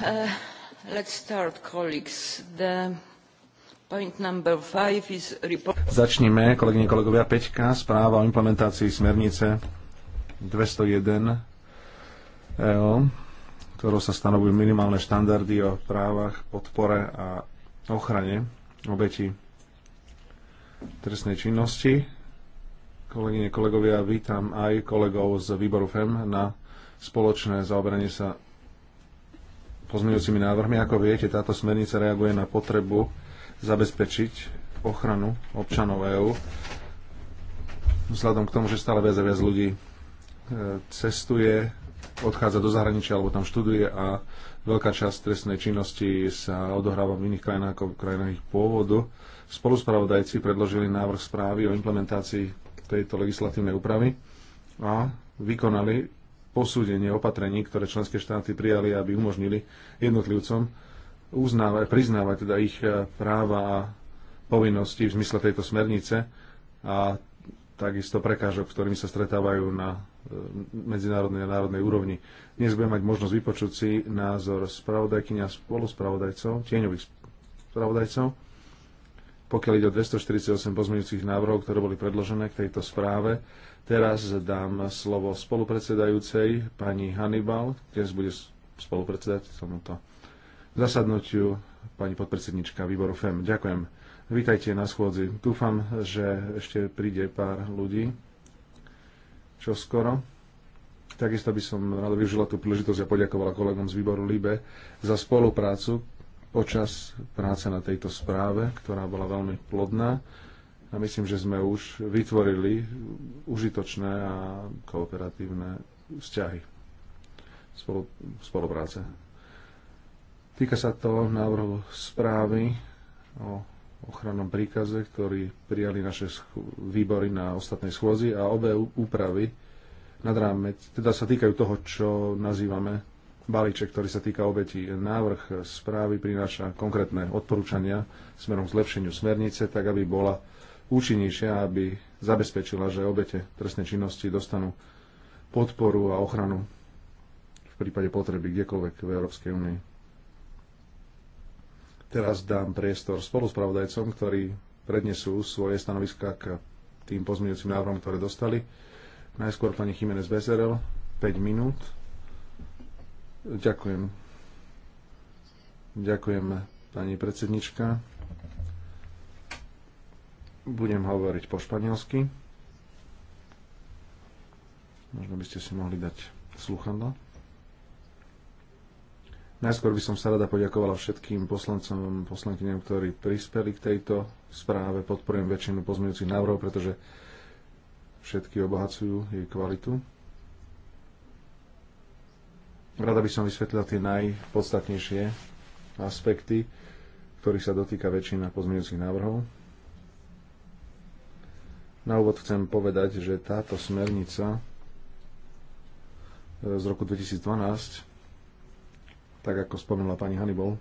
Uh, Začnime, kolegyne, kolegovia, Peťka, správa o implementácii smernice 201 EO, ktorou sa stanovujú minimálne štandardy o právach, podpore a ochrane obeti trestnej činnosti. Kolegyne, kolegovia, vítam aj kolegov z výboru FEM na spoločné zaoberanie sa pozmeňujúcimi návrhmi. Ako viete, táto smernica reaguje na potrebu zabezpečiť ochranu občanov EÚ vzhľadom k tomu, že stále viac a viac ľudí e, cestuje, odchádza do zahraničia alebo tam študuje a veľká časť trestnej činnosti sa odohráva v iných krajinách ako v krajinách ich pôvodu. Spoluspravodajci predložili návrh správy o implementácii tejto legislatívnej úpravy a vykonali posúdenie opatrení, ktoré členské štáty prijali, aby umožnili jednotlivcom uznávať, priznávať teda ich eh, práva a povinnosti v zmysle tejto smernice a takisto prekážok, ktorými sa stretávajú na eh, medzinárodnej a národnej úrovni. Dnes budeme mať možnosť vypočuť si názor spravodajkynia spoluspravodajcov, tieňových spravodajcov, pokiaľ ide o 248 pozmeňujúcich návrhov, ktoré boli predložené k tejto správe. Teraz dám slovo spolupredsedajúcej pani Hannibal, dnes bude spolupredsedať tomuto zasadnutiu pani podpredsednička výboru FEM. Ďakujem. Vítajte na schôdzi. Dúfam, že ešte príde pár ľudí čo skoro. Takisto by som rád využila tú príležitosť a poďakovala kolegom z výboru LIBE za spoluprácu počas práce na tejto správe, ktorá bola veľmi plodná. A myslím, že sme už vytvorili užitočné a kooperatívne vzťahy spolupráce. Týka sa to návrhu správy o ochrannom príkaze, ktorý prijali naše výbory na ostatnej schôzi a obe úpravy nad rámec, teda sa týkajú toho, čo nazývame balíček, ktorý sa týka obetí. Návrh správy prináša konkrétne odporúčania smerom k zlepšeniu smernice, tak aby bola účinnejšia, aby zabezpečila, že obete trestnej činnosti dostanú podporu a ochranu v prípade potreby kdekoľvek v Európskej únii. Teraz dám priestor spoluspravodajcom, ktorí prednesú svoje stanoviska k tým pozmeňujúcim návrhom, ktoré dostali. Najskôr pani Jiménez Bezerel, 5 minút. Ďakujem. Ďakujem, pani predsednička. Budem hovoriť po španielsky. Možno by ste si mohli dať sluchadlo. Najskôr by som sa rada poďakovala všetkým poslancom, poslankyňam, ktorí prispeli k tejto správe. Podporujem väčšinu pozmeňujúcich návrhov, pretože všetky obohacujú jej kvalitu. Rada by som vysvetlila tie najpodstatnejšie aspekty, ktorých sa dotýka väčšina pozmeňujúcich návrhov. Na úvod chcem povedať, že táto smernica e, z roku 2012, tak ako spomenula pani Hannibal,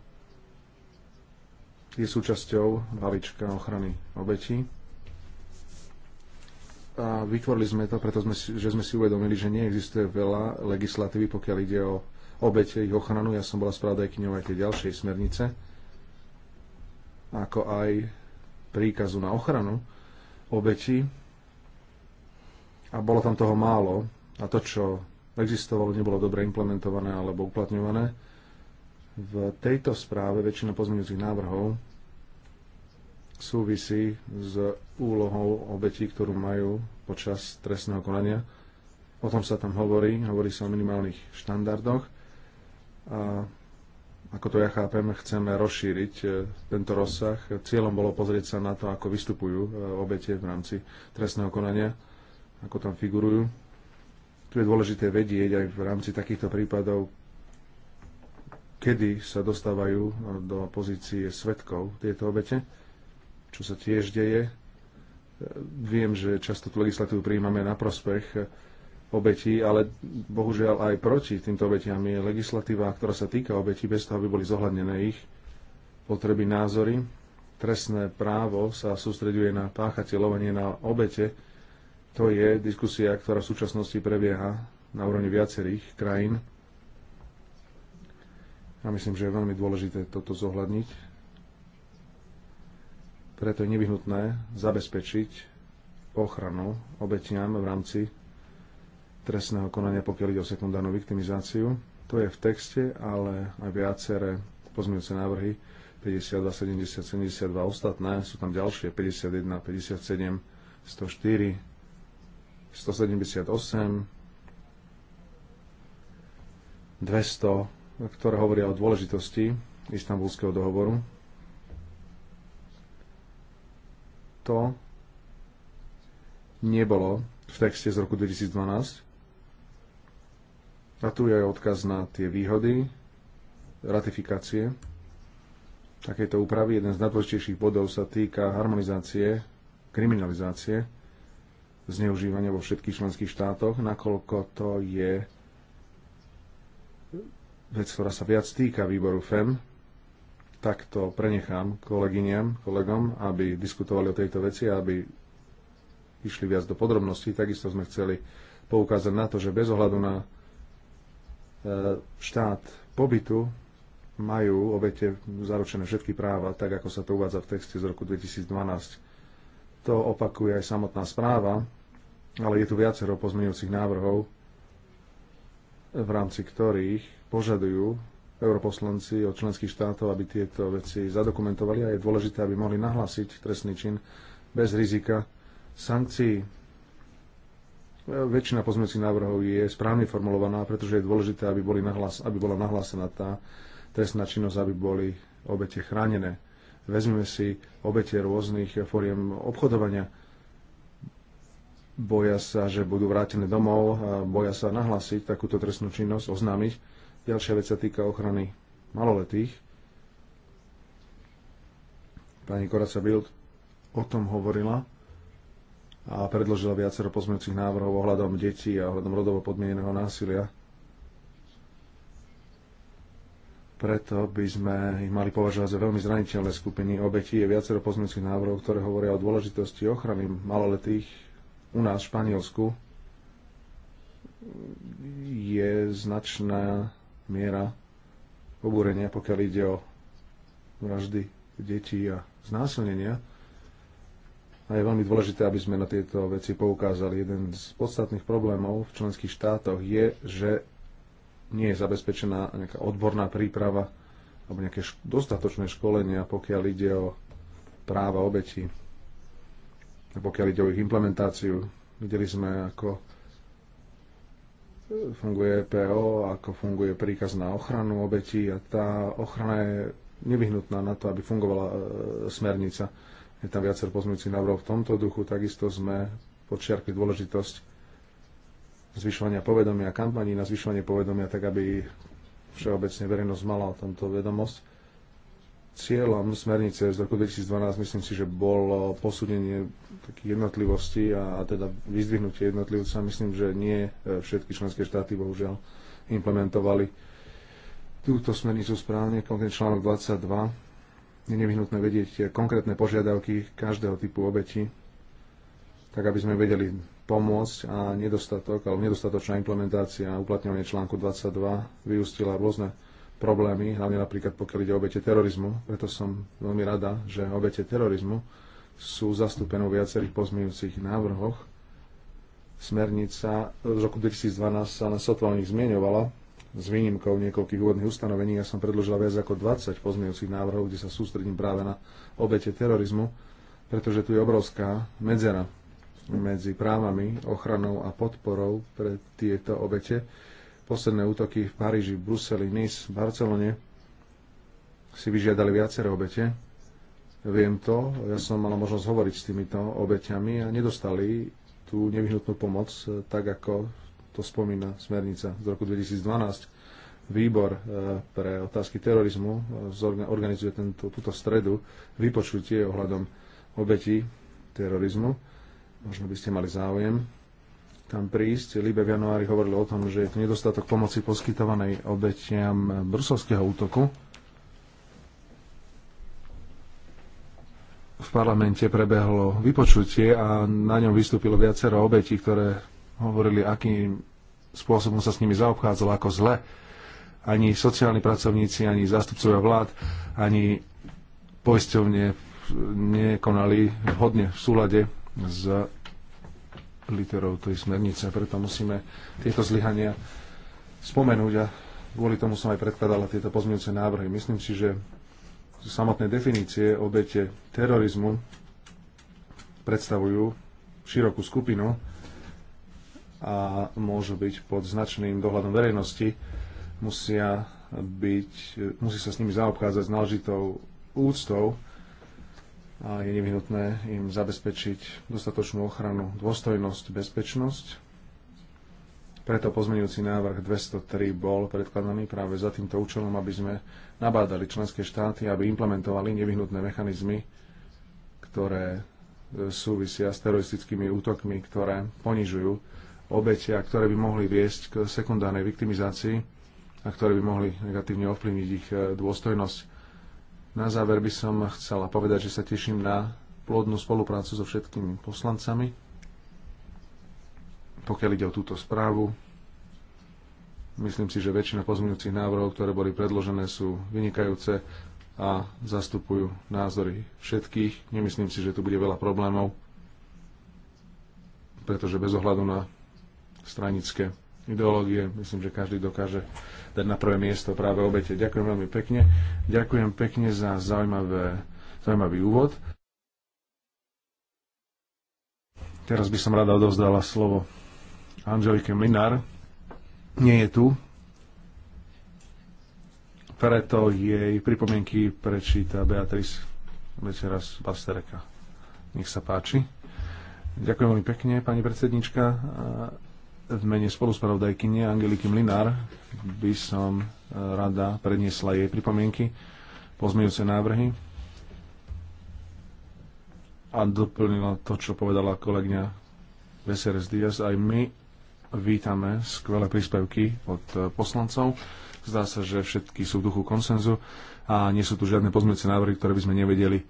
je súčasťou balíčka ochrany obetí. A vytvorili sme to, preto sme, že sme si uvedomili, že neexistuje veľa legislatívy, pokiaľ ide o obete, ich ochranu. Ja som bola spravodajkyňou aj tej ďalšej smernice, ako aj príkazu na ochranu obeti a bolo tam toho málo a to, čo existovalo, nebolo dobre implementované alebo uplatňované. V tejto správe väčšina pozmeňujúcich návrhov súvisí s úlohou obetí, ktorú majú počas trestného konania. O tom sa tam hovorí, hovorí sa o minimálnych štandardoch a ako to ja chápem, chceme rozšíriť e, tento rozsah. Cieľom bolo pozrieť sa na to, ako vystupujú e, obete v rámci trestného konania, ako tam figurujú. Tu je dôležité vedieť aj v rámci takýchto prípadov, kedy sa dostávajú e, do pozície svetkov tieto obete, čo sa tiež deje. Viem, že často tú legislatívu prijímame na prospech obetí, ale bohužiaľ aj proti týmto obetiam je legislatíva, ktorá sa týka obetí, bez toho, aby boli zohľadnené ich potreby, názory. Trestné právo sa sústreďuje na páchateľov, nie na obete. To je diskusia, ktorá v súčasnosti prebieha na úrovni viacerých krajín. Ja myslím, že je veľmi dôležité toto zohľadniť. Preto je nevyhnutné zabezpečiť ochranu obetiam v rámci trestného konania, pokiaľ ide o sekundárnu viktimizáciu. To je v texte, ale aj viaceré pozmeňujúce návrhy 52, 70, 72 ostatné, sú tam ďalšie 51, 57, 104, 178, 200, ktoré hovoria o dôležitosti istambulského dohovoru. To nebolo v texte z roku 2012. A tu je aj odkaz na tie výhody ratifikácie takejto úpravy. Jeden z najdôležitejších bodov sa týka harmonizácie, kriminalizácie zneužívania vo všetkých členských štátoch, nakoľko to je vec, ktorá sa viac týka výboru FEM, tak to prenechám kolegyniam, kolegom, aby diskutovali o tejto veci a aby išli viac do podrobností. Takisto sme chceli poukázať na to, že bez ohľadu na E, štát pobytu majú obete zaručené všetky práva, tak ako sa to uvádza v texte z roku 2012. To opakuje aj samotná správa, ale je tu viacero pozmeňujúcich návrhov, v rámci ktorých požadujú europoslanci od členských štátov, aby tieto veci zadokumentovali a je dôležité, aby mohli nahlásiť trestný čin bez rizika sankcií Väčšina pozmeňujúcich návrhov je správne formulovaná, pretože je dôležité, aby, boli nahlas, aby bola nahlásená tá trestná činnosť, aby boli obete chránené. Vezmeme si obete rôznych foriem obchodovania. Boja sa, že budú vrátené domov, boja sa nahlásiť takúto trestnú činnosť, oznámiť. Ďalšia vec sa týka ochrany maloletých. Pani Koraca Bild o tom hovorila a predložila viacero pozmeňujúcich návrhov ohľadom detí a ohľadom rodovo podmieneného násilia. Preto by sme ich mali považovať za veľmi zraniteľné skupiny obetí. Je viacero pozmeňujúcich návrhov, ktoré hovoria o dôležitosti ochrany maloletých u nás v Španielsku. Je značná miera pobúrenia, pokiaľ ide o vraždy detí a znásilnenia a je veľmi dôležité, aby sme na tieto veci poukázali. Jeden z podstatných problémov v členských štátoch je, že nie je zabezpečená nejaká odborná príprava alebo nejaké dostatočné školenia, pokiaľ ide o práva obetí, pokiaľ ide o ich implementáciu. Videli sme, ako funguje e PO, ako funguje príkaz na ochranu obetí a tá ochrana je nevyhnutná na to, aby fungovala e, smernica. Je tam viacero pozmeňujúcich návrhov v tomto duchu. Takisto sme počiarkli dôležitosť zvyšovania povedomia, kampaní na zvyšovanie povedomia, tak aby všeobecne verejnosť mala o tomto vedomosť cieľom smernice z roku 2012 myslím si, že bolo posúdenie takých jednotlivosti a, a teda vyzdvihnutie jednotlivca. Myslím, že nie všetky členské štáty bohužiaľ implementovali túto smernicu správne, konkrétne článok 22 je nevyhnutné vedieť konkrétne požiadavky každého typu obeti, tak aby sme vedeli pomôcť a nedostatok alebo nedostatočná implementácia a uplatňovanie článku 22 vyústila rôzne problémy, hlavne napríklad pokiaľ ide o obete terorizmu. Preto som veľmi rada, že obete terorizmu sú zastúpené v viacerých pozmeňujúcich návrhoch. Smernica z roku 2012 sa na sotva o nich zmieňovala, s výnimkou niekoľkých úvodných ustanovení. Ja som predložila viac ako 20 pozmejúcich návrhov, kde sa sústredím práve na obete terorizmu, pretože tu je obrovská medzera medzi právami, ochranou a podporou pre tieto obete. Posledné útoky v Paríži, Bruseli, Nice, Barcelone si vyžiadali viaceré obete. Viem to, ja som mala možnosť hovoriť s týmito obeťami a nedostali tú nevyhnutnú pomoc, eh, tak ako to spomína smernica z roku 2012. Výbor e, pre otázky terorizmu e, organizuje tento, túto stredu vypočutie ohľadom obetí terorizmu. Možno by ste mali záujem tam prísť. Libe v januári hovorilo o tom, že je tu nedostatok pomoci poskytovanej obetiam brusovského útoku. v parlamente prebehlo vypočutie a na ňom vystúpilo viacero obetí, ktoré hovorili, akým spôsobom sa s nimi zaobchádzalo, ako zle. Ani sociálni pracovníci, ani zástupcovia vlád, ani poisťovne nekonali vhodne v súlade s literou tej smernice. Preto musíme tieto zlyhania spomenúť a kvôli tomu som aj predkladala tieto pozmeňujúce návrhy. Myslím si, že samotné definície obete terorizmu predstavujú širokú skupinu a môžu byť pod značným dohľadom verejnosti, musia byť, musí sa s nimi zaobchádzať s náležitou úctou a je nevyhnutné im zabezpečiť dostatočnú ochranu, dôstojnosť, bezpečnosť. Preto pozmeňujúci návrh 203 bol predkladaný práve za týmto účelom, aby sme nabádali členské štáty, aby implementovali nevyhnutné mechanizmy, ktoré súvisia s teroristickými útokmi, ktoré ponižujú obetia, ktoré by mohli viesť k sekundárnej viktimizácii a ktoré by mohli negatívne ovplyvniť ich e, dôstojnosť. Na záver by som chcela povedať, že sa teším na plodnú spoluprácu so všetkými poslancami, pokiaľ ide o túto správu. Myslím si, že väčšina pozmeňujúcich návrhov, ktoré boli predložené, sú vynikajúce a zastupujú názory všetkých. Nemyslím si, že tu bude veľa problémov, pretože bez ohľadu na stranické ideológie. Myslím, že každý dokáže dať na prvé miesto práve obete. Ďakujem veľmi pekne. Ďakujem pekne za zaujímavé, zaujímavý úvod. Teraz by som rada odovzdala slovo Angelike Minar. Nie je tu. Preto jej pripomienky prečíta Beatriz večera z Bastereka. Nech sa páči. Ďakujem veľmi pekne, pani predsednička v mene spoluspravodajkyne Angeliky Mlinár by som e, rada predniesla jej pripomienky, pozmejúce návrhy a doplnila to, čo povedala kolegňa Veseres Diaz. Aj my vítame skvelé príspevky od e, poslancov. Zdá sa, že všetky sú v duchu konsenzu a nie sú tu žiadne pozmejúce návrhy, ktoré by sme nevedeli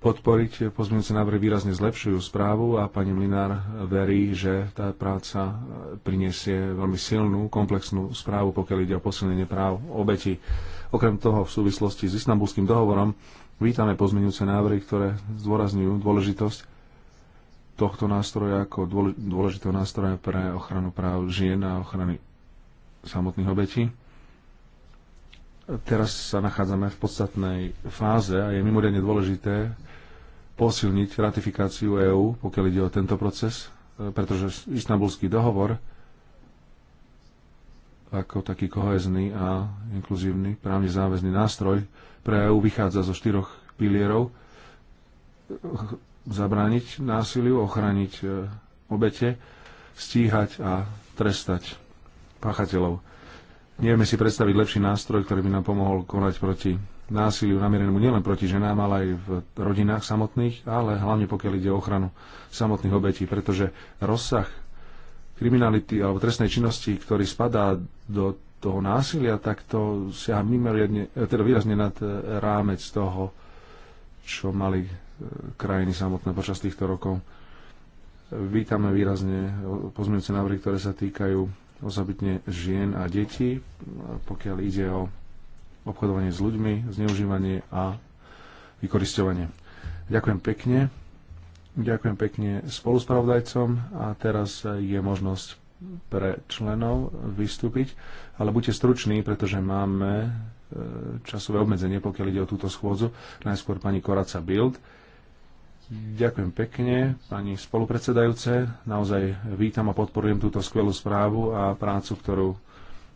podporiť. Pozmeňujúce návrhy výrazne zlepšujú správu a pani Mlinár verí, že tá práca e, prinesie veľmi silnú, komplexnú správu, pokiaľ ide o posilnenie práv obeti. Okrem toho, v súvislosti s istambulským dohovorom vítame pozmeňujúce návrhy, ktoré zdôrazňujú dôležitosť tohto nástroja ako dôležitého nástroja pre ochranu práv žien a ochrany samotných obetí. Teraz sa nachádzame v podstatnej fáze a je mimoriadne dôležité posilniť ratifikáciu EÚ, pokiaľ ide o tento proces, e, pretože istambulský dohovor ako taký kohezný a inkluzívny právne záväzný nástroj pre EÚ vychádza zo štyroch pilierov. Zabrániť násiliu, ochrániť e, obete, stíhať a trestať páchateľov Nevieme si predstaviť lepší nástroj, ktorý by nám pomohol konať proti násiliu namierenému nielen proti ženám, ale aj v rodinách samotných, ale hlavne pokiaľ ide o ochranu samotných obetí, pretože rozsah kriminality alebo trestnej činnosti, ktorý spadá do toho násilia, tak to siaha mimoriadne, e, teda výrazne nad e, rámec toho, čo mali e, krajiny samotné počas týchto rokov. Vítame výrazne pozmeňujúce návrhy, ktoré sa týkajú osobitne žien a detí, pokiaľ ide o obchodovanie s ľuďmi, zneužívanie a vykoristovanie. Ďakujem pekne. Ďakujem pekne spoluspravodajcom a teraz je možnosť pre členov vystúpiť, ale buďte struční, pretože máme e, časové obmedzenie, pokiaľ ide o túto schôdzu. Najskôr pani Koraca Bild Ďakujem pekne, pani spolupredsedajúce. Naozaj vítam a podporujem túto skvelú správu a prácu, ktorú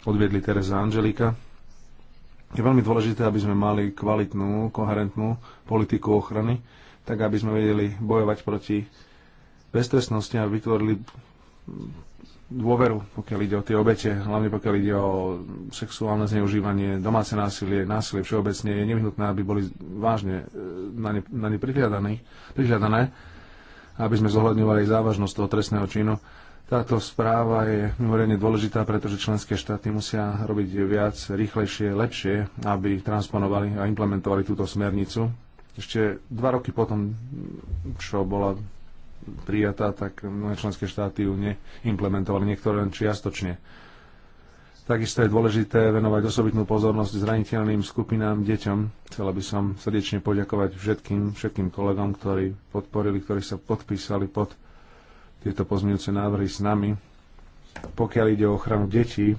odviedli Teresa Angelika. Je veľmi dôležité, aby sme mali kvalitnú, koherentnú politiku ochrany, tak aby sme vedeli bojovať proti beztrestnosti a vytvorili dôveru, pokiaľ ide o tie obete, hlavne pokiaľ ide o sexuálne zneužívanie, domáce násilie, násilie všeobecne, je nevyhnutné, aby boli vážne e, na ne, na ne prihľadané, aby sme zohľadňovali závažnosť toho trestného činu. Táto správa je mimoriadne dôležitá, pretože členské štáty musia robiť viac, rýchlejšie, lepšie, aby transponovali a implementovali túto smernicu. Ešte dva roky potom, čo bola prijatá, tak mnohé členské štáty ju neimplementovali, niektoré len čiastočne. Takisto je dôležité venovať osobitnú pozornosť zraniteľným skupinám, deťom. Chcela by som srdečne poďakovať všetkým, všetkým kolegom, ktorí podporili, ktorí sa podpísali pod tieto pozmeňujúce návrhy s nami. Pokiaľ ide o ochranu detí,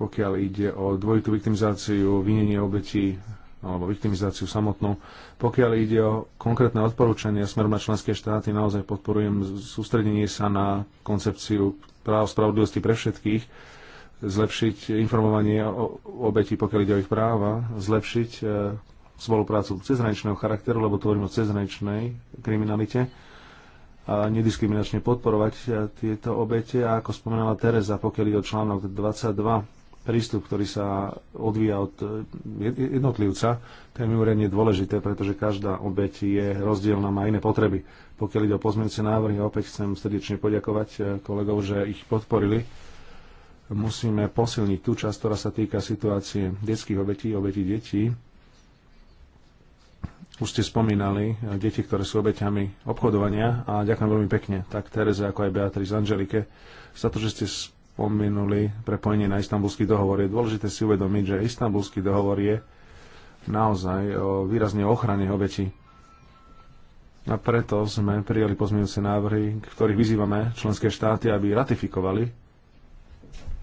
pokiaľ ide o dvojitú viktimizáciu, vinenie obetí alebo viktimizáciu samotnú. Pokiaľ ide o konkrétne odporúčania smerom na členské štáty, naozaj podporujem sústredenie sa na koncepciu práv spravodlivosti pre všetkých, zlepšiť informovanie o obeti, pokiaľ ide o ich práva, zlepšiť e, spoluprácu cezhraničného charakteru, lebo to o cezhraničnej kriminalite a nediskriminačne podporovať e, tieto obete. A ako spomenala Tereza, pokiaľ ide o článok 22, prístup, ktorý sa odvíja od eh, jednotlivca, to je mimoriadne dôležité, pretože každá obeť je rozdielna, má iné potreby. Pokiaľ ide o pozmeňujúce návrhy, opäť chcem srdečne poďakovať eh, kolegov, že ich podporili. Musíme posilniť tú časť, ktorá sa týka situácie detských obetí, obetí detí. Už ste spomínali eh, deti, ktoré sú obeťami obchodovania a ďakujem veľmi pekne tak Tereze ako aj Beatriz Angelike za to, že ste spomenuli prepojenie na istambulský dohovor. Je dôležité si uvedomiť, že istambulský dohovor je naozaj o výrazne ochrane obeti. A preto sme prijali pozmeňujúce návrhy, ktorých vyzývame členské štáty, aby ratifikovali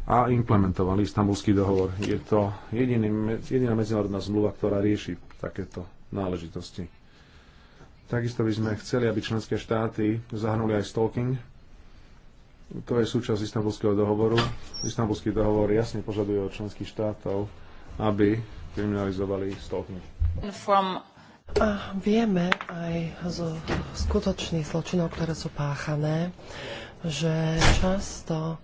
a implementovali istambulský dohovor. Je to jediný, jediná medzinárodná zmluva, ktorá rieši takéto náležitosti. Takisto by sme chceli, aby členské štáty zahrnuli aj stalking, to je súčasť istambulského dohovoru. Istambulský dohovor jasne požaduje od členských štátov, aby kriminalizovali stalking. From... A vieme aj zo skutočných zločinov, ktoré sú páchané, že často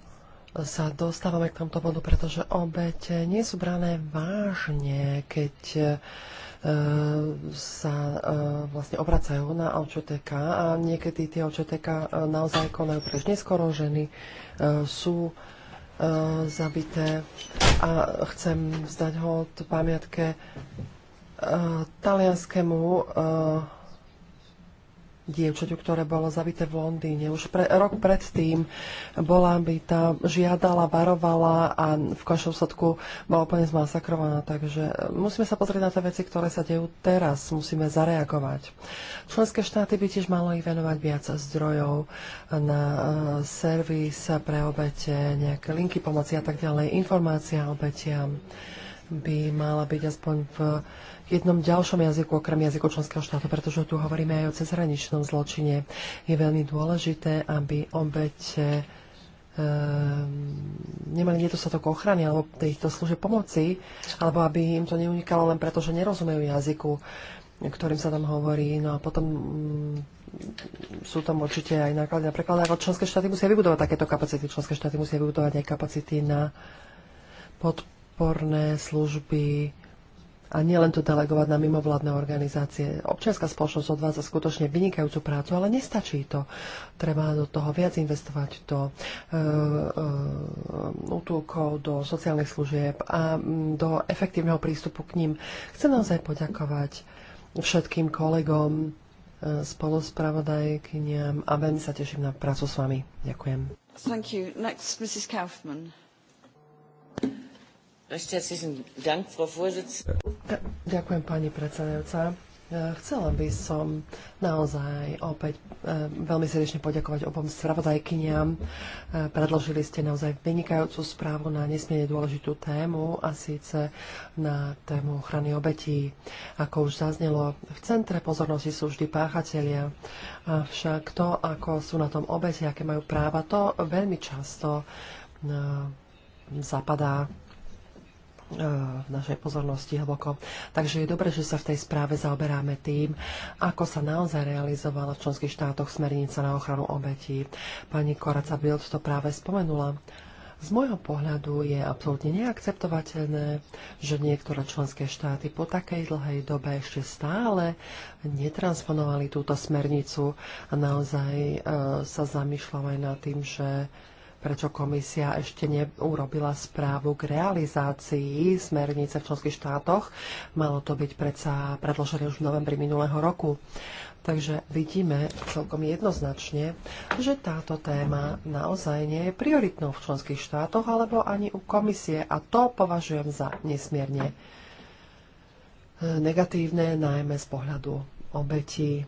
sa dostávame k tomto bodu, pretože obete nie sú brané vážne, keď E, sa e, vlastne obracajú na LČTK a niekedy tie LČTK e, naozaj konajú príliš neskoro, ženy sú zabité a chcem vzdať od pamiatke talianskému dievčaťu, ktoré bolo zabité v Londýne. Už pre, rok predtým bola by tá žiadala, varovala a v končnom sledku bola úplne zmasakrovaná. Takže e, musíme sa pozrieť na tie veci, ktoré sa dejú teraz. Musíme zareagovať. Členské štáty by tiež malo ich venovať viac zdrojov na e, servis pre obete, nejaké linky pomoci a tak ďalej. Informácia obetiam by mala byť aspoň v jednom ďalšom jazyku, okrem jazyku členského štátu, pretože tu hovoríme aj o cezhraničnom zločine. Je veľmi dôležité, aby e, nemali nedostatok ochrany alebo týchto služieb pomoci, alebo aby im to neunikalo len preto, že nerozumejú jazyku, ktorým sa tam hovorí. No a potom mm, sú tam určite aj náklady na preklad, ale členské štáty musia vybudovať takéto kapacity. Členské štáty musia vybudovať aj kapacity na podporné služby a nielen to delegovať na mimovládne organizácie. Občianská spoločnosť odvádza skutočne vynikajúcu prácu, ale nestačí to. Treba do toho viac investovať do e, e, útulkov, do sociálnych služieb a mm, do efektívneho prístupu k ním. Chcem naozaj poďakovať všetkým kolegom, e, spoluspravodajkyniam a veľmi sa teším na prácu s vami. Ďakujem. Thank you. Next, Mrs. Kaufman. Ďakujem, pani predsedajúca. E, chcela by som naozaj opäť e, veľmi srdečne poďakovať obom spravodajkyniam. E, predložili ste naozaj vynikajúcu správu na nesmierne dôležitú tému a síce na tému ochrany obetí. Ako už zaznelo, v centre pozornosti sú vždy páchatelia, avšak to, ako sú na tom obete, aké majú práva, to veľmi často zapadá E, v našej pozornosti hlboko. Takže je dobré, že sa v tej správe zaoberáme tým, ako sa naozaj realizovala v členských štátoch smernica na ochranu obetí. Pani Koraca Bild to práve spomenula. Z môjho pohľadu je absolútne neakceptovateľné, že niektoré členské štáty po takej dlhej dobe ešte stále netransponovali túto smernicu a naozaj e, sa zamýšľam aj nad tým, že prečo komisia ešte neurobila správu k realizácii smernice v členských štátoch. Malo to byť predsa predložené už v novembri minulého roku. Takže vidíme celkom jednoznačne, že táto téma naozaj nie je prioritnou v členských štátoch alebo ani u komisie a to považujem za nesmierne negatívne, najmä z pohľadu obetí.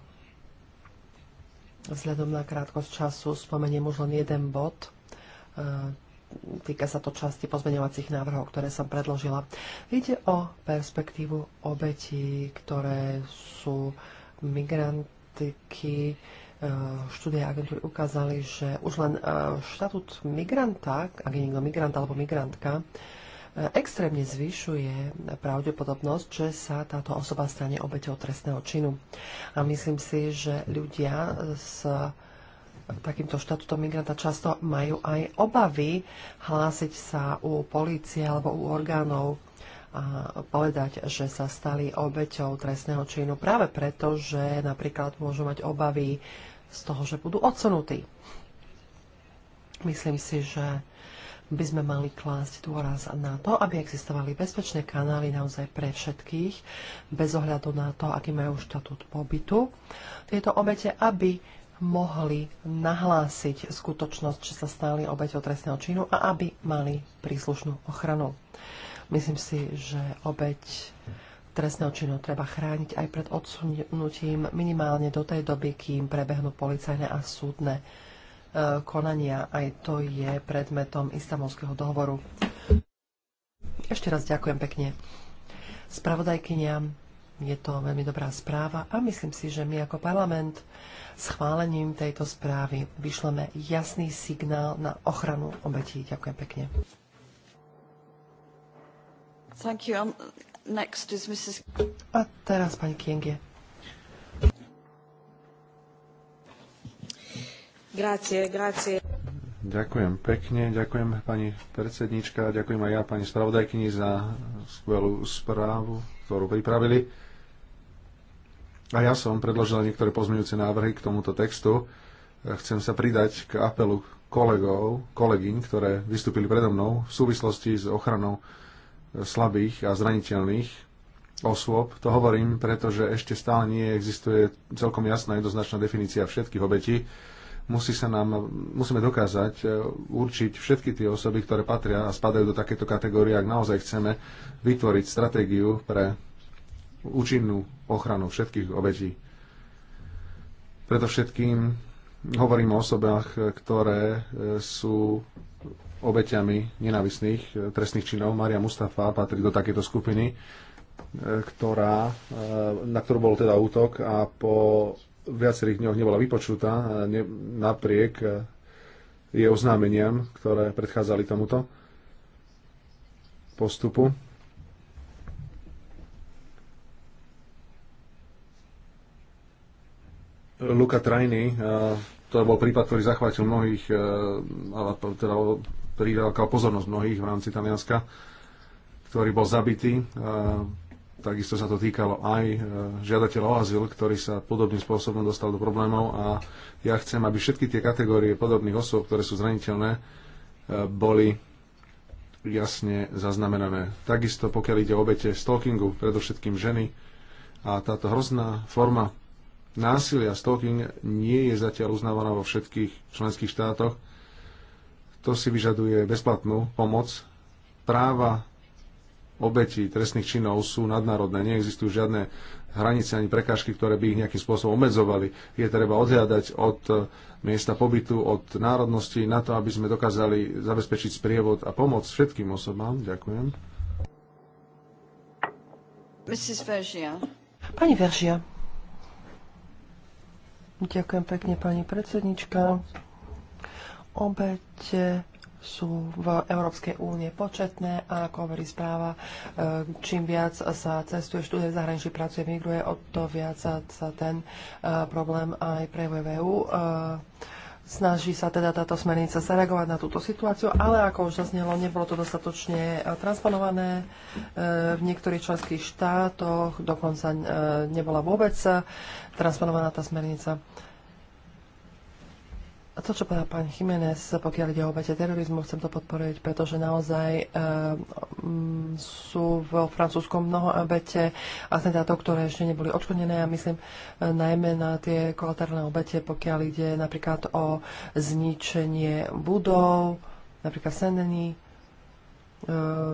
Vzhľadom na krátkosť času spomeniem už len jeden bod, E, týka sa to časti pozmeňovacích návrhov, ktoré som predložila. Ide o perspektívu obetí, ktoré sú migrantiky. E, štúdie agentúry ukázali, že už len e, štatút migranta, ak je niekto migrant alebo migrantka, extrémne zvyšuje pravdepodobnosť, že sa táto osoba stane obeťou trestného činu. A myslím si, že ľudia s takýmto štatutom migranta často majú aj obavy hlásiť sa u polície alebo u orgánov a povedať, že sa stali obeťou trestného činu práve preto, že napríklad môžu mať obavy z toho, že budú odsunutí. Myslím si, že by sme mali klásť dôraz na to, aby existovali bezpečné kanály naozaj pre všetkých, bez ohľadu na to, aký majú štatút pobytu. Tieto obete, aby mohli nahlásiť skutočnosť, že sa stali obeťou trestného činu a aby mali príslušnú ochranu. Myslím si, že obeť trestného činu treba chrániť aj pred odsunutím minimálne do tej doby, kým prebehnú policajné a súdne e, konania. Aj to je predmetom istamovského dohovoru. Ešte raz ďakujem pekne. spravodajkyňa. Je to veľmi dobrá správa a myslím si, že my ako parlament schválením tejto správy vyšleme jasný signál na ochranu obetí. Ďakujem pekne. Thank you. Um, next is Mrs. A teraz pani Kienge. Grazie, grazie. Ďakujem pekne, ďakujem pani predsednička, ďakujem aj ja pani spravodajkyni za skvelú správu, ktorú pripravili a ja som predložil niektoré pozmeňujúce návrhy k tomuto textu. Chcem sa pridať k apelu kolegov, kolegyň, ktoré vystúpili predo mnou v súvislosti s ochranou e, slabých a zraniteľných osôb. To hovorím, pretože ešte stále nie existuje celkom jasná jednoznačná definícia všetkých obetí. Musí sa nám, musíme dokázať e, určiť všetky tie osoby, ktoré patria a spadajú do takéto kategórie, ak naozaj chceme vytvoriť stratégiu pre účinnú ochranu všetkých obetí. Predovšetkým hovorím o osobách, ktoré e, sú obeťami nenávistných e, trestných činov. Maria Mustafa patrí do takéto skupiny, e, ktorá, na ktorú bol teda útok a po viacerých dňoch nebola vypočutá ne, napriek jej oznámeniam, ktoré predchádzali tomuto postupu. Luka Trajny, to bol prípad, ktorý zachvátil mnohých, e, ale teda prilákal pozornosť mnohých v rámci Talianska, ktorý bol zabitý. E, takisto sa to týkalo aj e, žiadateľa o azyl, ktorý sa podobným spôsobom dostal do problémov a ja chcem, aby všetky tie kategórie podobných osôb, ktoré sú zraniteľné, boli jasne zaznamenané. Takisto pokiaľ ide o obete stalkingu, predovšetkým ženy, a táto hrozná forma násilia. Stalking nie je zatiaľ uznávaná vo všetkých členských štátoch. To si vyžaduje bezplatnú pomoc. Práva obetí trestných činov sú nadnárodné. Neexistujú žiadne hranice ani prekážky, ktoré by ich nejakým spôsobom obmedzovali. Je treba odhľadať od e, miesta pobytu, od národnosti, na to, aby sme dokázali zabezpečiť sprievod a pomoc všetkým osobám. Ďakujem. Mrs. Vergia. Pani Veržia. Ďakujem pekne, pani predsednička. Obete sú v Európskej únie početné a ako hovorí správa, e, čím viac sa cestuje, študuje v zahraničí, pracuje, migruje, o to viac sa ten e, problém aj prejavuje v EU e, Snaží sa teda táto smernica zareagovať na túto situáciu, ale ako už zaznelo, nebolo to dostatočne eh, transponované. Eh, v niektorých členských štátoch dokonca eh, nebola vôbec transponovaná tá smernica to, čo povedal pán Jiménez, pokiaľ ide o obete terorizmu, chcem to podporiť, pretože naozaj e, eh, m, mm, sú vo Francúzsku mnoho obete atentátov, ktoré ešte neboli odškodnené a myslím e, najmä na tie kolaterálne obete, pokiaľ ide napríklad o zničenie budov, napríklad v Sendení. E, eh,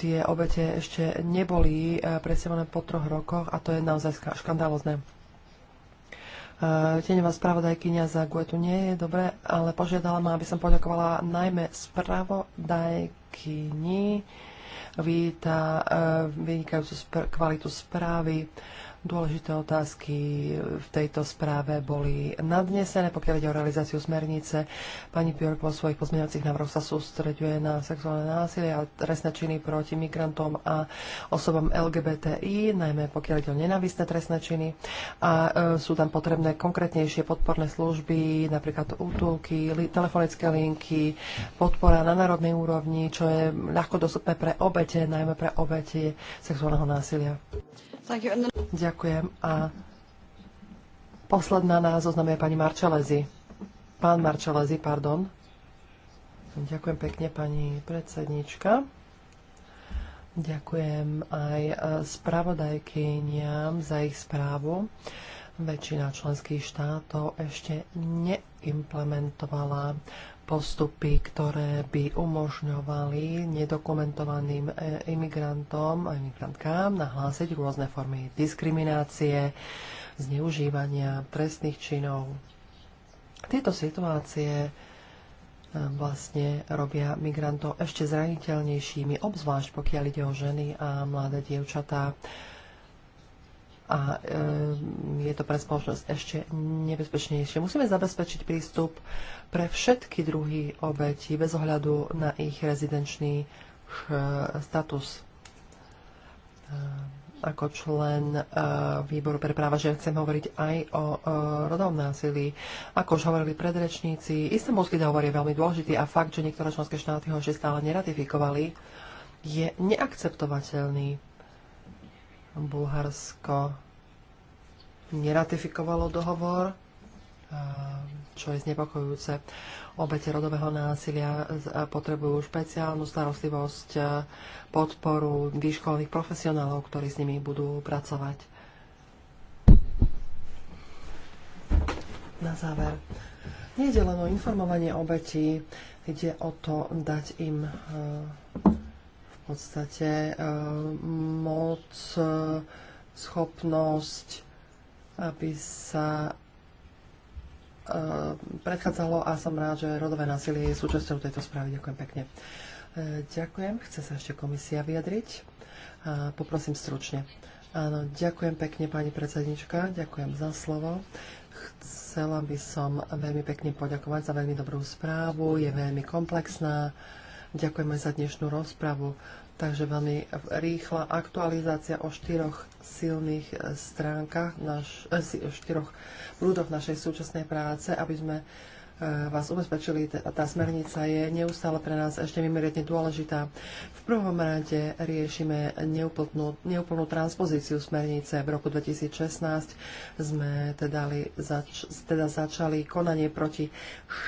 tie obete ešte neboli e, presievané po troch rokoch a to je naozaj škandálozne. Eh, tieňová spravodajkynia za guetu nie je, dobre, ale požiadala ma, aby som poďakovala najmä spravodajkyni, víta eh, vynikajúcu spr- kvalitu správy Dôležité otázky v tejto správe boli nadnesené, pokiaľ ide o realizáciu smernice. Pani Pior vo svojich pozmeňovacích návrhoch sa sústreďuje na sexuálne násilie a trestné činy proti migrantom a osobom LGBTI, najmä pokiaľ ide o nenávistné trestné činy. A e, sú tam potrebné konkrétnejšie podporné služby, napríklad útulky, li, telefonické linky, podpora na národnej úrovni, čo je ľahko dostupné pre obete, najmä pre obete sexuálneho násilia. Ďakujem. Ďakujem. A posledná nás oznamuje pani Marčelezi. Pán Marčelezi, pardon. Ďakujem pekne, pani predsednička. Ďakujem aj e, spravodajkyniam za ich správu. Väčšina členských štátov ešte neimplementovala postupy, ktoré by umožňovali nedokumentovaným e, imigrantom a imigrantkám nahlásiť rôzne formy diskriminácie, zneužívania, trestných činov. Tieto situácie e, vlastne robia migrantov ešte zraniteľnejšími, obzvlášť pokiaľ ide o ženy a mladé dievčatá. A e, je to pre spoločnosť ešte nebezpečnejšie. Musíme zabezpečiť prístup pre všetky druhy obetí bez ohľadu na ich rezidenčný eh, status. Eh, ako člen eh, výboru pre práva žien chcem hovoriť aj o rodovom násilí. Ako už hovorili predrečníci, istambulský dohovor je veľmi dôležitý a fakt, že niektoré členské štáty ho ešte stále neratifikovali, je neakceptovateľný. Bulharsko neratifikovalo dohovor Eh, čo je znepokojúce. Obete rodového násilia eh, potrebujú špeciálnu starostlivosť, eh, podporu výškolných profesionálov, ktorí s nimi budú pracovať. Na záver. Nejde len o informovanie obetí, ide o to dať im v podstate moc, schopnosť, aby sa Eh, predchádzalo a som rád, že rodové násilie je súčasťou tejto správy. Ďakujem pekne. Eh, ďakujem. Chce sa ešte komisia vyjadriť. A poprosím stručne. Áno, ďakujem pekne, pani predsednička. Ďakujem za slovo. Chcela by som veľmi pekne poďakovať za veľmi dobrú správu. Je veľmi komplexná. Ďakujem aj za dnešnú rozpravu. Takže veľmi rýchla aktualizácia o štyroch silných e, stránkach, naš, e, o štyroch prúdoch našej súčasnej práce, aby sme e, vás ubezpečili, tá smernica je neustále pre nás ešte mimoriadne dôležitá. V prvom rade riešime neúplnú, neúplnú transpozíciu smernice. V roku 2016 sme teda, li, zač, teda začali konanie proti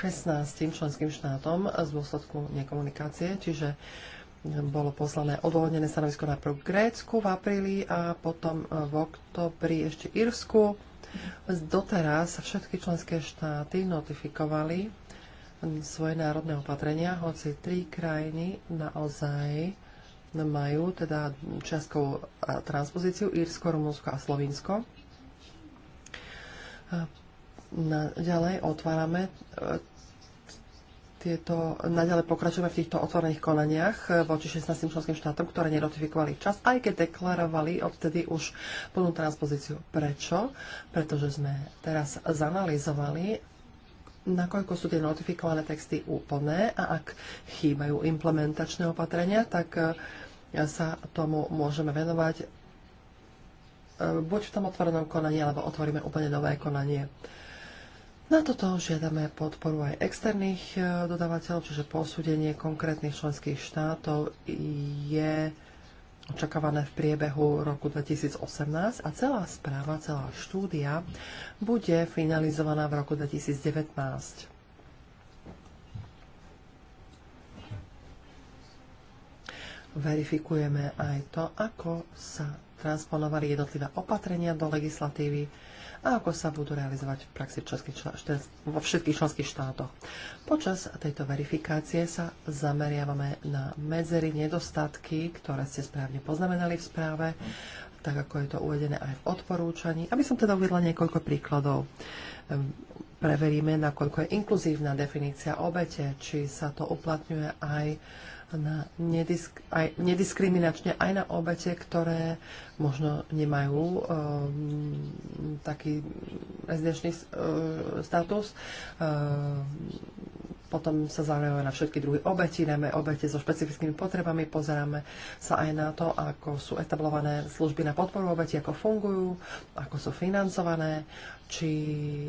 16 členským štátom z dôsledku nekomunikácie, čiže bolo poslané odvodnené stanovisko najprv Grécku v apríli a potom e, v oktobri ešte Irsku. Doteraz všetky členské štáty notifikovali svoje národné opatrenia, hoci tri krajiny naozaj majú teda českou e, transpozíciu Írsko, Rumunsko a Slovinsko. E, ďalej otvárame tieto, naďalej pokračujeme v týchto otvorených konaniach eh, voči 16 členským štátom, ktoré nerotifikovali včas, aj keď deklarovali odtedy už plnú transpozíciu. Prečo? Pretože sme teraz zanalizovali, nakoľko sú tie notifikované texty úplné a ak chýbajú implementačné opatrenia, tak eh, sa tomu môžeme venovať eh, buď v tom otvorenom konaní, alebo otvoríme úplne nové konanie. Na toto žiadame podporu aj externých e, dodávateľov, čiže posúdenie konkrétnych členských štátov je očakávané v priebehu roku 2018 a celá správa, celá štúdia bude finalizovaná v roku 2019. Verifikujeme aj to, ako sa transponovali jednotlivé opatrenia do legislatívy a ako sa budú realizovať v praxi vo všetkých členských štátoch. Počas tejto verifikácie sa zameriavame na medzery, nedostatky, ktoré ste správne poznamenali v správe, tak ako je to uvedené aj v odporúčaní. Aby som teda uvedla niekoľko príkladov. Ehm, preveríme, nakoľko je inkluzívna definícia obete, či sa to uplatňuje aj, na nedisk- aj nediskriminačne aj na obete, ktoré možno nemajú um, taký rezidenčný uh, status. Uh, potom sa zaujímame na všetky druhy obeti, najmä obete so špecifickými potrebami. Pozeráme sa aj na to, ako sú etablované služby na podporu obeti, ako fungujú, ako sú financované, či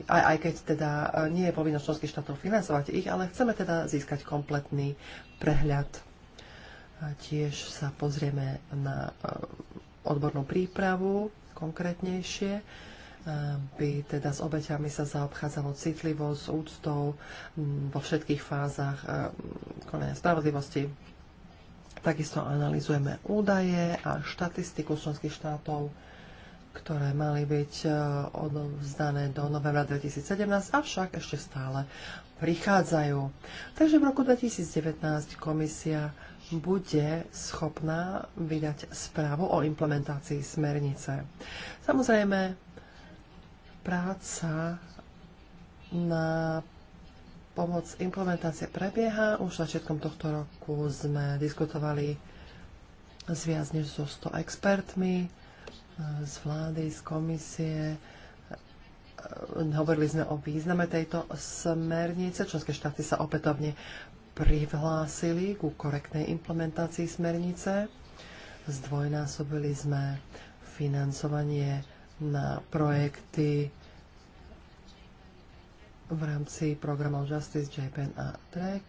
aj, aj keď teda e, nie je povinnosť členských štátov financovať ich, ale chceme teda získať kompletný prehľad. A tiež sa pozrieme na e, odbornú prípravu konkrétnejšie, e, by teda s obeťami sa zaobchádzalo citlivo, s úctou vo všetkých fázach konania spravodlivosti. Takisto analizujeme údaje a štatistiku členských štátov, ktoré mali byť e, odovzdané do novembra 2017, avšak ešte stále prichádzajú. Takže v roku 2019 komisia bude schopná vydať správu o implementácii smernice. Samozrejme, práca na pomoc implementácie prebieha. Už začiatkom tohto roku sme diskutovali s viac než so 100 expertmi z vlády, z komisie. Hovorili sme o význame tejto smernice. Členské štáty sa opätovne prihlásili ku korektnej implementácii smernice. Zdvojnásobili sme financovanie na projekty v rámci programov Justice, JPN a TREC,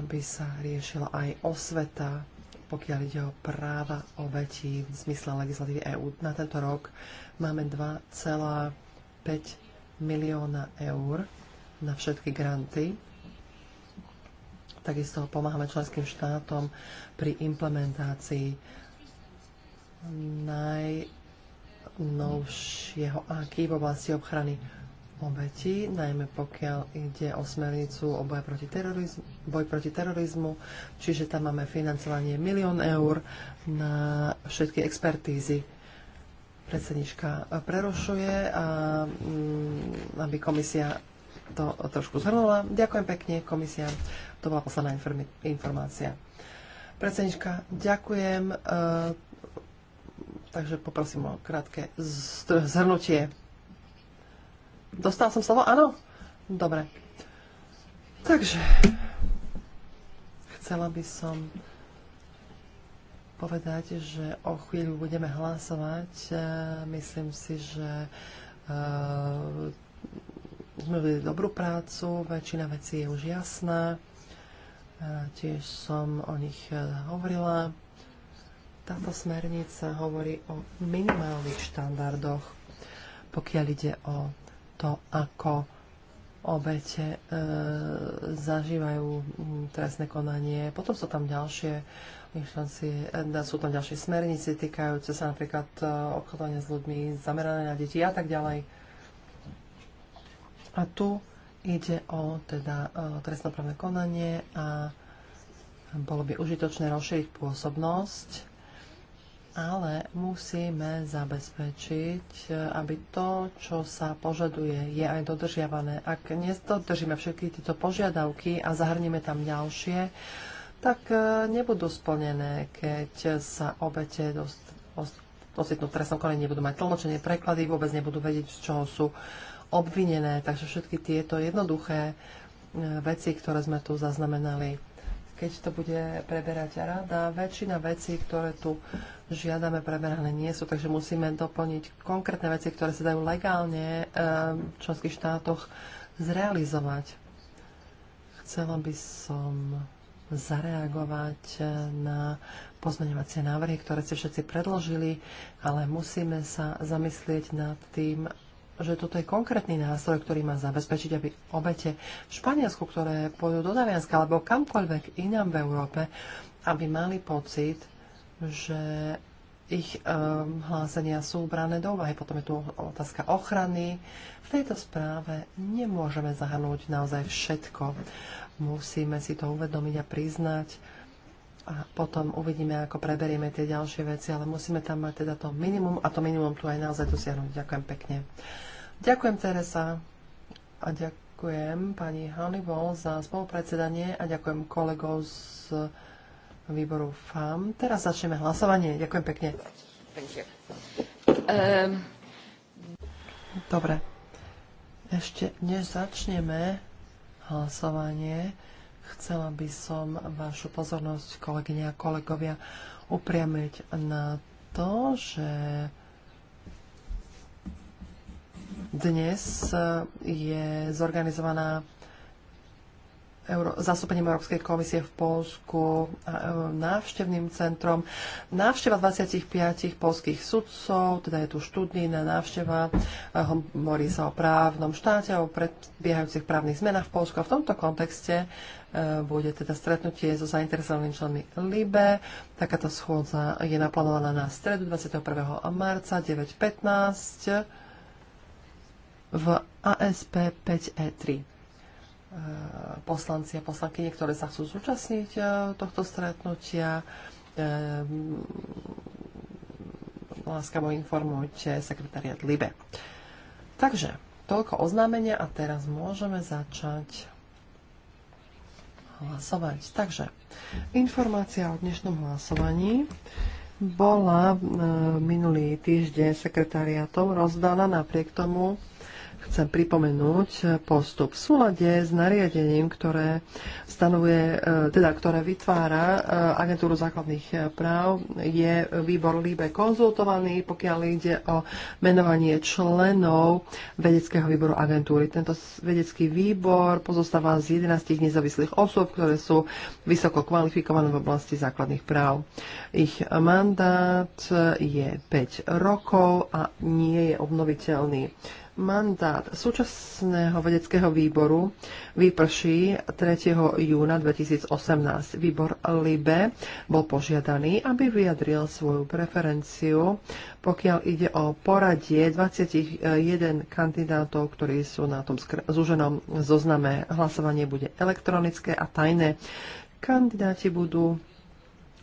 aby sa riešila aj osveta pokiaľ ide o práva obetí v zmysle legislatívy EÚ. Na tento rok máme 2,5 milióna eur na všetky granty. Takisto pomáhame členským štátom pri implementácii najnovšieho aký v oblasti ochrany obetí, najmä pokiaľ ide o smernicu o boj proti, terorizmu, boj proti terorizmu, čiže tam máme financovanie milión eur na všetky expertízy. Predsednička prerušuje, a, mm, aby komisia to trošku zhrnula. Ďakujem pekne, komisia. To bola posledná informácia. Predsednička, ďakujem. E, takže poprosím o krátke zhrnutie. Dostal som slovo? Áno? Dobre. Takže, chcela by som povedať, že o chvíľu budeme hlasovať. E, myslím si, že e, sme robili dobrú prácu, väčšina vecí je už jasná. E, tiež som o nich hovorila. Táto smernica hovorí o minimálnych štandardoch, pokiaľ ide o to, ako obete e, zažívajú trestné konanie. Potom sú tam ďalšie myšlencie, e, sú tam ďalšie smernice týkajúce sa napríklad e, obchodovania s ľuďmi, zamerané na deti a tak ďalej. A tu ide o teda e, trestnoprávne konanie a bolo by užitočné rozšíriť pôsobnosť ale musíme zabezpečiť, aby to, čo sa požaduje, je aj dodržiavané. Ak nedodržíme všetky tieto požiadavky a zahrníme tam ďalšie, tak e, nebudú splnené, keď sa obete dost, ocitnú v trestnom konaní, nebudú mať tlmočenie, preklady, vôbec nebudú vedieť, z čoho sú obvinené. Takže všetky tieto jednoduché e, veci, ktoré sme tu zaznamenali, keď to bude preberať rada. Väčšina vecí, ktoré tu žiadame preberané nie sú, takže musíme doplniť konkrétne veci, ktoré sa dajú legálne eh, v členských štátoch zrealizovať. Chcela by som zareagovať eh, na pozmeňovacie návrhy, ktoré ste všetci predložili, ale musíme sa zamyslieť nad tým, že toto je konkrétny nástroj, ktorý má zabezpečiť, aby obete v Španielsku, ktoré pôjdu do Talianska alebo kamkoľvek inám v Európe, aby mali pocit, že ich um, hlásenia sú brané do úvahy. Potom je tu otázka ochrany. V tejto správe nemôžeme zahrnúť naozaj všetko. Musíme si to uvedomiť a priznať a potom uvidíme, ako preberieme tie ďalšie veci, ale musíme tam mať teda to minimum a to minimum tu aj naozaj dosiahnuť. Ďakujem pekne. Ďakujem, Teresa. A ďakujem pani Hannibal za spolupredsedanie a ďakujem kolegov z výboru FAM. Teraz začneme hlasovanie. Ďakujem pekne. Um... Dobre. Ešte než začneme hlasovanie, chcela by som vašu pozornosť, kolegyne a kolegovia, upriamiť na to, že dnes e, je zorganizovaná Euró- zastúpením Európskej komisie v Polsku a e, návštevným centrom. Návšteva 25 polských sudcov, teda je tu študijná návšteva, hovorí sa o právnom štáte, o predbiehajúcich právnych zmenách v Polsku. A v tomto kontexte e, bude teda stretnutie so zainteresovanými členmi LIBE. Takáto schôdza je naplánovaná na stredu 21. marca 9.15 v ASP 5E3. E, poslanci a poslanky, niektoré sa chcú zúčastniť e, tohto stretnutia, e, láskavo informujte sekretariat LIBE. Takže, toľko oznámenia a teraz môžeme začať hlasovať. Takže, informácia o dnešnom hlasovaní bola minulý týždeň sekretariatom rozdaná. Napriek tomu chcem pripomenúť postup v súlade s nariadením, ktoré stanovuje, e, teda ktoré vytvára e, agentúru základných e, práv, je výbor líbe konzultovaný, pokiaľ ide o menovanie členov vedeckého výboru agentúry. Tento vedecký výbor pozostáva z 11 nezávislých osôb, ktoré sú vysoko kvalifikované v oblasti základných práv. Ich mandát je 5 rokov a nie je obnoviteľný. Mandát súčasného vedeckého výboru vyprší 3. júna 2018. Výbor LIBE bol požiadaný, aby vyjadril svoju preferenciu, pokiaľ ide o poradie 21 kandidátov, ktorí sú na tom zúženom zozname. Hlasovanie bude elektronické a tajné. Kandidáti budú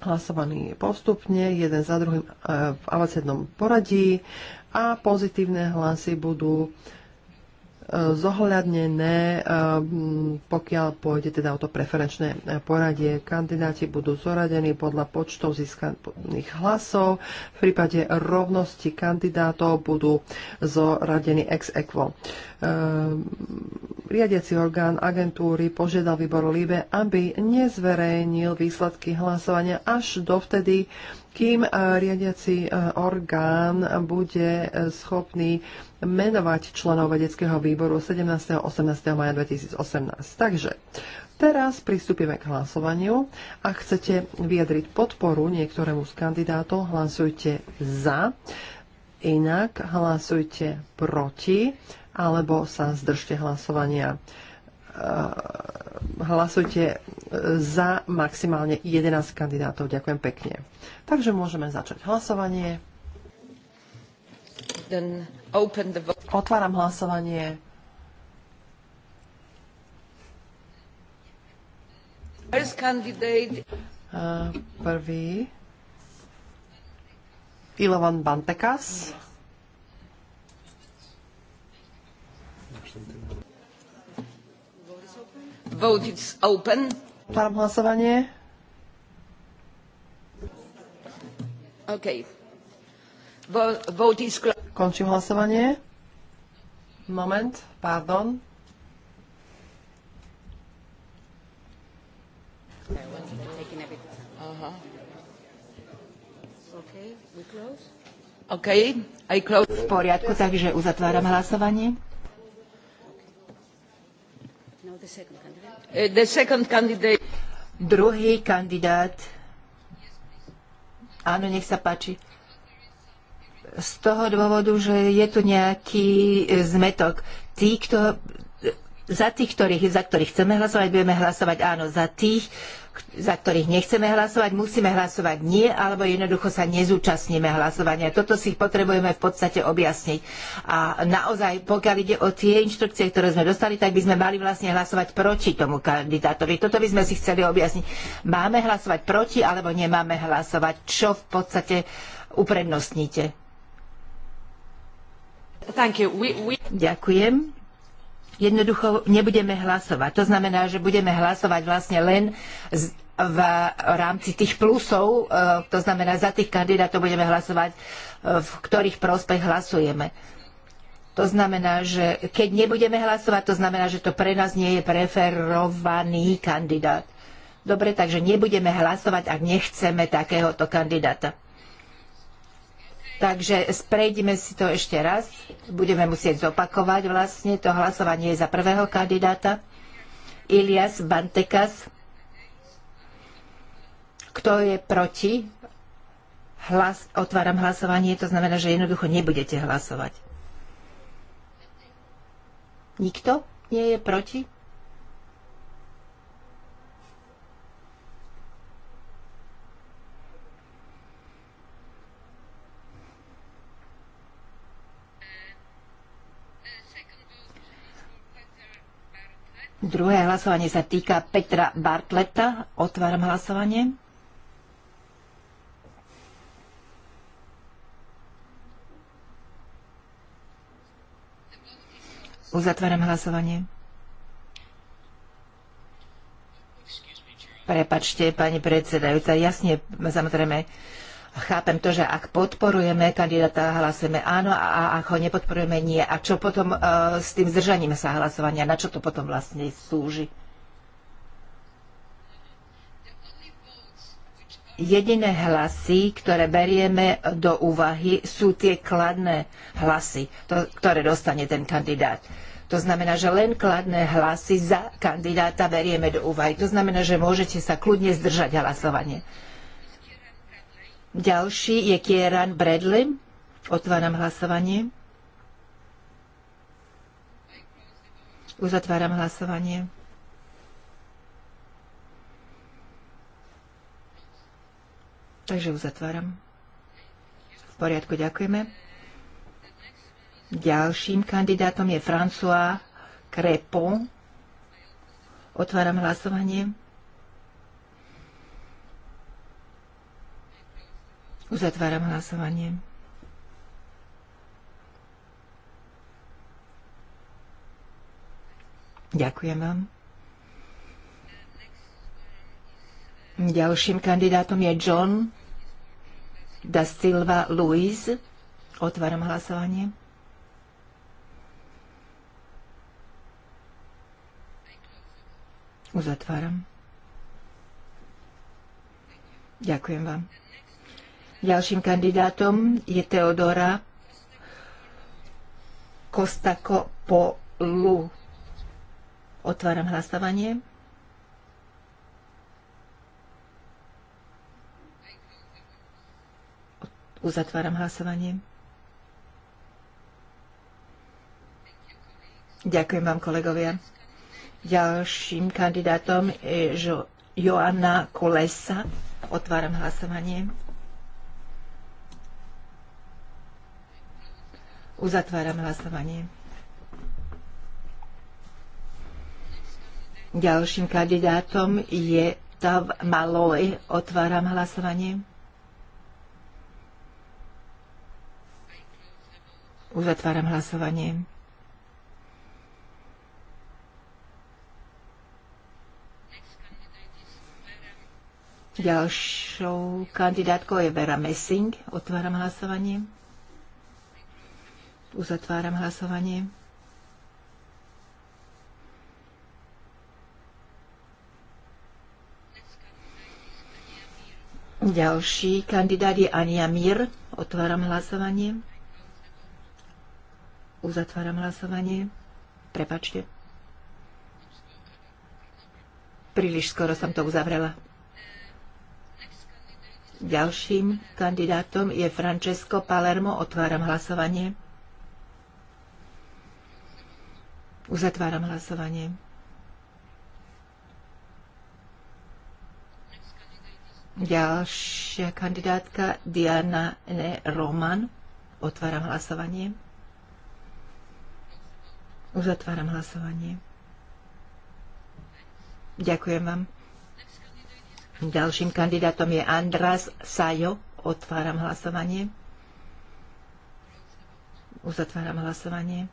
hlasovaný postupne, jeden za druhým e, v abecednom poradí a pozitívne hlasy budú zohľadnené, eh, pokiaľ pôjde teda o to preferenčné eh, poradie. Kandidáti budú zoradení podľa počtov získaných hlasov. V prípade rovnosti kandidátov budú zoradení ex equo. Eh, riadiaci orgán agentúry požiadal výbor Líbe, aby nezverejnil výsledky hlasovania až dovtedy, kým e, riadiaci e, orgán bude e, schopný menovať členov vedeckého výboru 17. a 18. maja 2018. Takže teraz pristúpime k hlasovaniu. Ak chcete vyjadriť podporu niektorému z kandidátov, hlasujte za, inak hlasujte proti alebo sa zdržte hlasovania. Eh, hlasujte eh, za maximálne 11 kandidátov. Ďakujem pekne. Takže môžeme začať hlasovanie. Otváram hlasovanie. Eh, prvý. Ilovan Bantekas. Vote is open. Otváram hlasovanie. OK. Vote is Končím hlasovanie. Moment, pardon. Okay, we close. OK, I close. V poriadku, takže uzatváram hlasovanie. Eh, Druhý kandidát. Áno, nech sa páči. Z toho dôvodu, že je tu nejaký eh, zmetok. Tí, kto, za tých, ktorých, za ktorých chceme hlasovať, budeme hlasovať áno. Za tých, za ktorých nechceme hlasovať, musíme hlasovať nie, alebo jednoducho sa nezúčastníme hlasovania. Toto si potrebujeme v podstate objasniť. A naozaj, pokiaľ ide o tie inštrukcie, ktoré sme dostali, tak by sme mali vlastne hlasovať proti tomu kandidátovi. Toto by sme si chceli objasniť. Máme hlasovať proti, alebo nemáme hlasovať? Čo v podstate uprednostníte? We, we... Ďakujem jednoducho nebudeme hlasovať. To znamená, že budeme hlasovať vlastne len v rámci tých plusov, e, to znamená za tých kandidátov budeme hlasovať, e, v ktorých prospech hlasujeme. To znamená, že keď nebudeme hlasovať, to znamená, že to pre nás nie je preferovaný kandidát. Dobre, takže nebudeme hlasovať, ak nechceme takéhoto kandidáta. Takže sprejdime si to ešte raz. Budeme musieť zopakovať vlastne to hlasovanie je za prvého kandidáta. Ilias Bantekas. Kto je proti? Hlas, otváram hlasovanie, to znamená, že jednoducho nebudete hlasovať. Nikto nie je proti? Druhé hlasovanie sa týka Petra Bartleta. Otváram hlasovanie. Uzatváram hlasovanie. Prepačte, pani predsedajúca, jasne, samozrejme, chápem to, že ak podporujeme kandidáta, hlasujeme áno a ak ho nepodporujeme, nie. A čo potom e, s tým zdržaním sa hlasovania? Na čo to potom vlastne slúži? Jediné hlasy, ktoré berieme do úvahy, sú tie kladné hlasy, to, ktoré dostane ten kandidát. To znamená, že len kladné hlasy za kandidáta berieme do úvahy. To znamená, že môžete sa kľudne zdržať hlasovanie. Ďalší je Kieran Bradley. Otváram hlasovanie. Uzatváram hlasovanie. Takže uzatváram. V poriadku, ďakujeme. Ďalším kandidátom je François Crepon. Otváram hlasovanie. Uzatváram hlasovanie. Ďakujem vám. Ďalším kandidátom je John da Silva Luis. Otváram hlasovanie. Uzatváram. Ďakujem vám. Ďalším kandidátom je Teodora Kostako Polu. Otváram hlasovanie. Uzatváram hlasovanie. Ďakujem vám, kolegovia. Ďalším kandidátom je Joanna Kolesa. Otváram hlasovanie. Uzatváram hlasovanie. Ďalším kandidátom je Tav Maloj. Otváram hlasovanie. Uzatváram hlasovanie. Ďalšou kandidátkou je Vera Messing. Otváram hlasovanie. Uzatváram hlasovanie. Ďalší kandidát je Ania Mir. Otváram hlasovanie. Uzatváram hlasovanie. Prepačte. Príliš skoro som to uzavrela. Ďalším kandidátom je Francesco Palermo. Otváram hlasovanie. Uzatváram hlasovanie. Ďalšia kandidátka Diana N. Roman. Otváram hlasovanie. Uzatváram hlasovanie. Ďakujem vám. Ďalším kandidátom je Andras Sajo. Otváram hlasovanie. Uzatváram hlasovanie.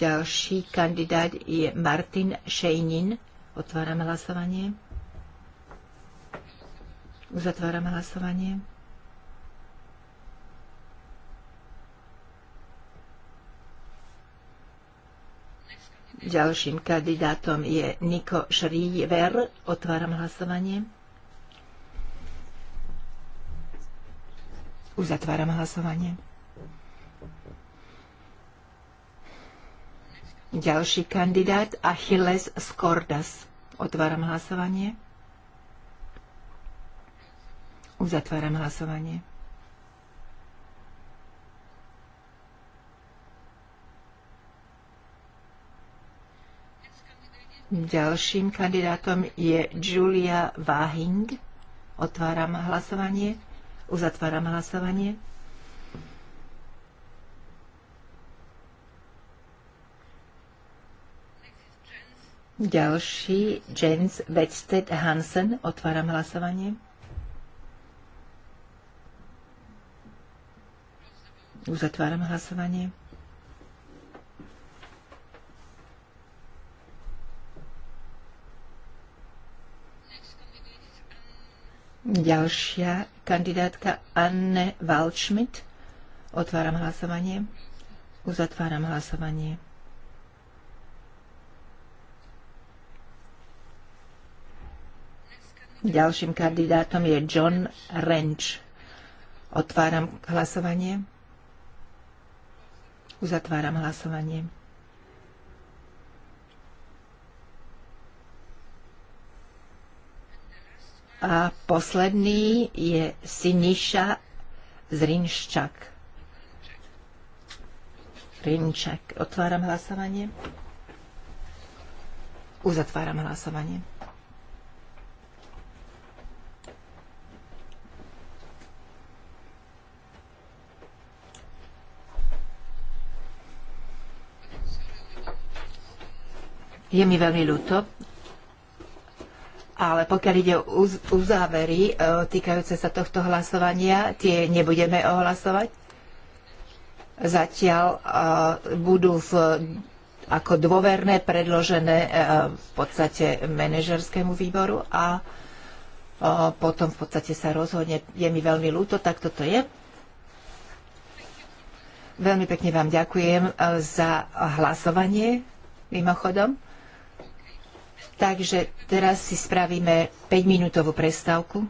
Ďalší kandidát je Martin Šejnin. Otváram hlasovanie. Uzatváram hlasovanie. Ďalším kandidátom je Niko Šríver. Otváram hlasovanie. Uzatváram hlasovanie. Ďalší kandidát Achilles Skordas. Otváram hlasovanie. Uzatváram hlasovanie. Ďalším kandidátom je Julia Vahing. Otváram hlasovanie. Uzatváram hlasovanie. Ďalší, James Vedsted Hansen. Otváram hlasovanie. Uzatváram hlasovanie. Ďalšia kandidátka Anne Waldschmidt. Otváram hlasovanie. Uzatváram hlasovanie. Ďalším kandidátom je John Rench. Otváram hlasovanie. Uzatváram hlasovanie. A posledný je Siniša Zrinščak. Rinčak. Otváram hlasovanie. Uzatváram hlasovanie. Je mi veľmi ľúto, ale pokiaľ ide o uzávery e, týkajúce sa tohto hlasovania, tie nebudeme ohlasovať. Zatiaľ e, budú v, ako dôverné predložené e, v podstate manažerskému výboru a potom v podstate sa rozhodne, je mi veľmi ľúto, tak toto je. Veľmi pekne vám ďakujem za hlasovanie, mimochodom. Takže teraz si spravíme 5-minútovú prestávku.